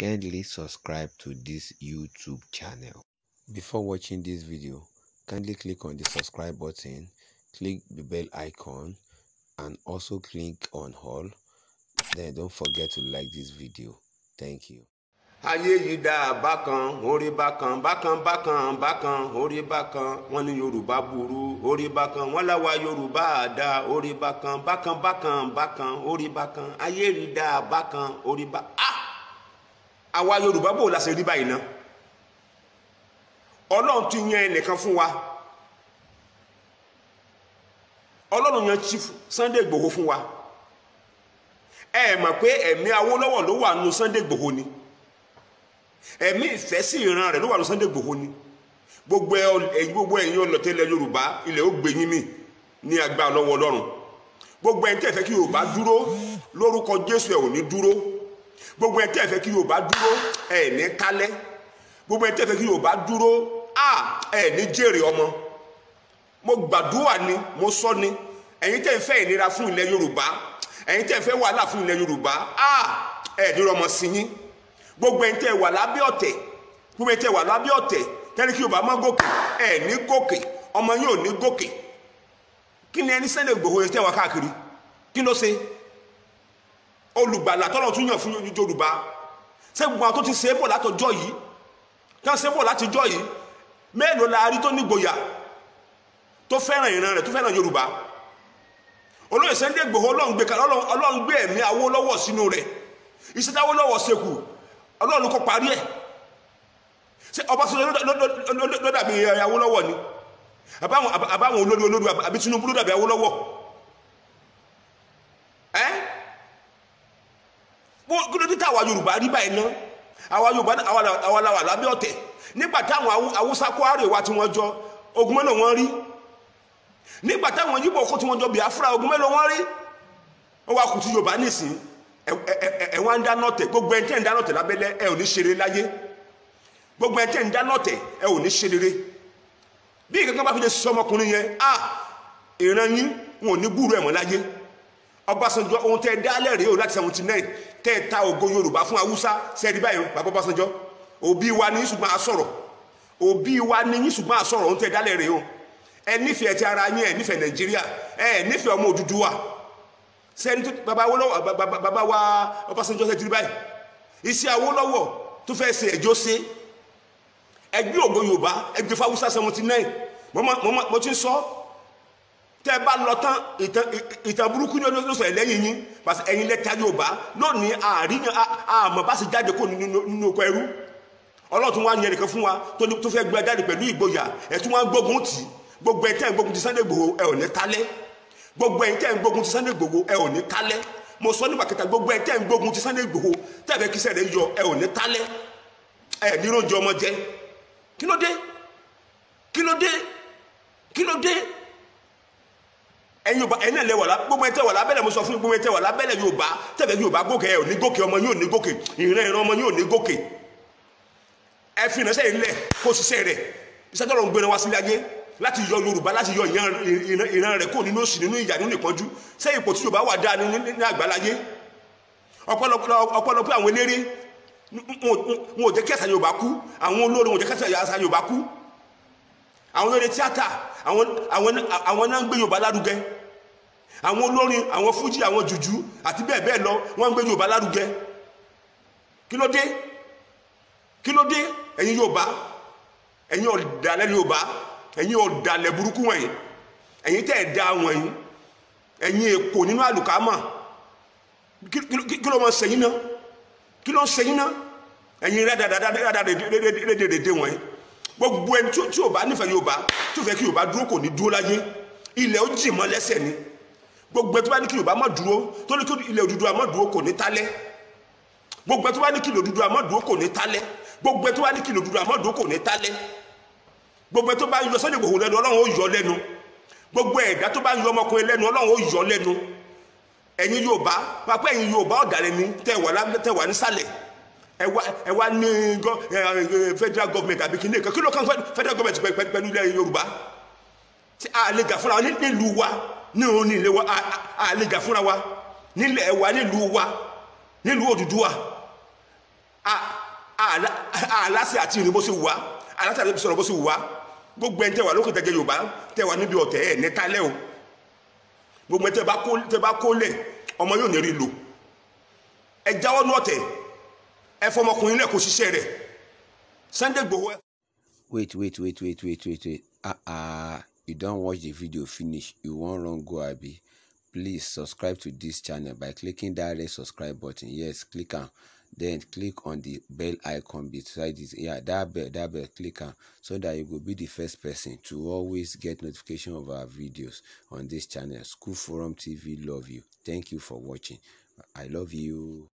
Kindly subscribe to this YouTube channel. Before watching this video, kindly click on the subscribe button, click the bell icon and also click on all. Then don't forget to like this video. Thank you. ayé yìí dá bákan orí bákan bákan bákan bákan orí bákan wọn ní yorùbá burú orí bákan wọn láwa yorùbá àdá orí bákan bákan bákan bákan orí bákan ayé yìí dá bákan orí bákan. Ah! àwa yorùbá bò láṣẹ rí báyìí náà ọlọ́run ti yan ẹnìkan fún wa ọlọ́run yan chief Sunday Igboho fún wa ẹ mọ̀ pé ẹ̀mí Awólọ́wọ̀ ló wà nù Sunday Igboho ni ẹ̀mí ìfẹ́ sí ìran rẹ̀ ló wà nù Sunday Igboho ni gbogbo ẹ̀yin gbogbo ẹ̀yin ọlọ́tẹ̀lẹ̀ yorùbá ilẹ̀ ó gbé yín mì ní agbára lọ́wọ́ ọlọ́run gbogbo ẹ̀yin kí yorùbá dúró lórúkọ jésù ẹ̀ ò dúró gbogbo ẹ̀ tẹ́ fẹ́ kí Yorùbá dúró ẹ̀ ní kálẹ̀ gbogbo ẹ̀ tẹ́ fẹ́ kí Yorùbá dúró ẹ̀ ní jèrè ọmọ mo gbàdúrà ni mo sọ ni ẹ̀yin tẹ́ ń fẹ́ ìnira fún ilẹ̀ Yorùbá ẹ̀yin tẹ́ ń fẹ́ wàhálà fún ilẹ̀ Yorùbá ẹ̀ ní rọmọ sí yín gbogbo ẹ̀ tẹ́ wà lábẹ́ ọ̀tẹ̀ gbogbo ẹ̀ tẹ́ wà lábẹ́ ọ̀tẹ̀ tẹ́lẹ̀ kí Yorùbá má gòkè ẹ̀ ní gòkè ọmọ yín ò ní gòkè kí ni ẹni Sunday Igboho yẹn tẹ́ wà káàkiri kí ló ṣe olùgbàlà tọ́lọ̀ tún yàn fún yíjú olùbá ṣé gbogbo àwọn tó ti ṣe é bọ̀ látọjọ́ yìí tó ṣe é bọ̀ látijọ́ yìí mélòó la rí tó nígboyà tó fẹ́ràn ìran rẹ̀ tó fẹ́ràn Yorùbá olóyè Sunday Igboho ọlọ́run gbé ọlọ́run gbé ẹ̀mí Awólọ́wọ̀ sínú rẹ̀ iṣẹ́ tí Awólọ́wọ̀ ṣekù ọlọ́run kò parí ẹ̀ ṣé Ọbásanjọ́ ló dàbí Awólọ́wọ̀ ni àbáwọn olórí olórí àbí Tinubu ló dàbí Awólọ́wọ̀ kí ló dé tá àwa yorùbá rí báyìí ná àwa yorùbá àwa làwà lábẹ́ ọ̀tẹ̀ nígbà táwọn haúsá kó àrèwá tí wọ́n jọ ogun mélòó wọ́n rí nígbà táwọn yíbọ̀ kó tí wọ́n jọ biafra ogun mélòó wọ́n rí wọ́n wá kùtù yorùbá nísìn ẹ̀wọ̀n ń dáná ọ̀tẹ̀ gbogbo ẹ̀ tẹ́ ń dáná ọ̀tẹ̀ lábẹ́lẹ́ ẹ ò ní ṣeré láyé gbogbo ẹ̀ tẹ́ ń dáná ọ̀tẹ̀ ẹ ò ní ṣeré bí ìkankan bá fi lè sọ ọmọkùnrin yẹn ah ìran yín wọn ò ní gbúrú ẹ̀mọ́ láyé Ọbásanjọ́ ohun tẹ́ ẹ dálẹ̀ rèé o láti seventy nine tẹ́ ẹ ta ògo Yorùbá fún Haúsá sẹ́ẹ̀dí báyìí bàbá Ọbásanjọ́ òbí wa ní ṣùgbọ́n àsọ̀rọ̀ òbí wa ní ṣùgbọ́n àsọ̀rọ̀ ohun tẹ́ ẹ rèé o ẹ nífẹ̀ẹ́ ti ara yín ẹ nífẹ̀ẹ́ Nàìjíríà ẹ nífẹ̀ẹ́ ọmọ Odùduwà sẹ́ni tó bàbá Awólọ́wọ̀ bàbá wa Ọbásanjọ́ sẹ́ẹ̀dí báyìí iṣẹ́ Awólọ́wọ̀ tó fẹ́ ṣe ẹjọ́ ṣe ẹgbẹ́ ògo Yorùbá ẹgbẹ́ fáwúsá seventy nine mo ti ń sọ tẹ́ bá lọ tán ìtàn ìtàn burúkú ní ọdún sọ ẹlẹ́yìn yín pàṣẹ ẹ̀yin lẹ́ta Yorùbá lónìí àríyàn àmọ́ bá sì jáde kó nínú oko ẹrú ọlọ́tún wa yẹn nìkan fún wa tó fẹ́ gbé jáde pẹ̀lú ìgboyà ẹ̀tún wa gbógun tì gbogbo ẹ̀ tẹ́ ń gbógun ti Sunday Igboho ẹ̀ ò ní kálẹ̀ gbogbo ẹ̀ tẹ́ ń gbógun ti Sunday Igboho ẹ̀ ò ní kálẹ̀ mo sọ nígbà kẹta gbogbo ẹ̀ tẹ́ ń gbógun ti Sunday Igboho tẹ́ẹ̀fẹ́ kí sẹ́rẹ̀ yọ ẹ̀ ò ní kálẹ̀ ẹ̀ ní ròjọ́ ọmọ jẹ kí ló dé kí ló dé kí ló dé ẹ̀yin yorùbá ẹ̀yin náà lẹ wà lá gbogbo ẹtẹ wà lábẹ́lẹ̀ mo sọ fún gbogbo ẹtẹ wà lábẹ́lẹ̀ yorùbá tẹ̀fẹ̀ yorùbá gòkè ẹ̀ ò ní gòkè ọmọ yóò ní gòkè ìran ìran ọmọ yóò ní gòkè ẹ fi ìránṣẹ́ yìí lẹ̀ kó ṣiṣẹ́ rẹ̀ iṣẹ́ tó lọ ń gbéra wá sílé ayé láti yọ yorùbá láti yọ ìran rẹ̀ kó nínú òṣì nínú ìyà nínú ìpọ́njú ṣé ipò tí yorùbá wà dáa ní àgbáláyé ọ̀pọ̀lọpọ̀ àwọn eléré wọn ò jẹ́ kí àṣà yorùbá kú àwọn olórin wọn ò jẹ́ kí àṣà yorùbá kú àwọn olórin tíátà àwọn náà ń gbé yorùbá lárugẹ àwọn olórin àwọn fújì àwọn jùjú àti bẹ́ẹ̀ bẹ́ẹ̀ lọ wọ́n ń gbé yorùbá lárugẹ kí ló dé kí ló dé ẹ̀yin yorùbá ẹ̀yin ọ̀dàlẹ̀ yorùbá ẹ̀yin ọ̀dàlẹ̀ burúkú wọ̀nyí ẹ̀yin tẹ́ da wọ̀nyí ẹ̀yin èkó nínú àlùkámà kí ló máa sẹ́yìn náà kí ló ń sẹ́yìn náà ẹ̀yin rẹ́dàdàdàdàdàdàdàdàdàdàdà wọ̀nyí gbogbo ẹni tí ò bá nífẹ̀ẹ́ yorùbá tí ò fẹ́ kí yorùbá dúró kò ní dúró láyé ilẹ̀ ó jì mọ́ lẹ́sẹ̀ ni gbogbo ẹ tó bá ní kí Yorùbá má dúró tó ní kí ilẹ̀ Odùduwà má dúró kò ní tálẹ́ gbogbo ẹ tó bá ní kí ilẹ̀ Odùduwà má dúró kò ní tálẹ́ gbogbo ẹ tó bá ní kí ilẹ̀ Odùduwà má dúró kò ní tálẹ́ gbogbo ẹ tó bá yọ Sunday Igboho lẹ́nu Ọlọ́run ó yọ lẹ́nu gbogbo ẹ̀dá tó bá yọ ọmọkùnrin lẹ́nu Ọlọ́run ó yọ lẹ́nu ẹ̀yin Yorùbá pápá ẹ̀yin Yorùbá ọ̀dàlẹ̀ ni tẹ̀ wà nísàlẹ̀ ẹ wá ní federal government àbí kìnìún kan kí ló kàn federal government pẹ̀lú ilẹ̀ Yorùbá tí a lè gà fúnra nílùú wa ní òun ní ilé wa àlejà fúnra wa nílẹ̀ wa nílùú wa nílùú Odùduwà àlásì àti ìrìnbó sì wà àlásì àti ìrìnbó sì wà gbogbo ẹni tẹwà lókè tẹjẹ Yorùbá tẹwà níbi ọ̀tẹ̀ ẹ̀ nẹ́tàlẹ́ o gbogbo ẹni tẹbá kólẹ̀ ọmọ yóò ní lò ẹ jáwọ́ ní ọ̀tẹ̀ ẹ fọmọkùnrin náà kò ṣiṣẹ́ rẹ̀ Sunday Igboho. wait wait wait wait wait wait wait ah ah you don watch the video finish you wan run go abi? Please subscribe to this channel by clicking that red subscribe button. Yes, click am. Then click on the bell icon beside it. Yeah, that bell, that bell, click am so that you go be the first person to always get notification of our videos on this channel. School Forum TV love you. Thank you for watching. I love you.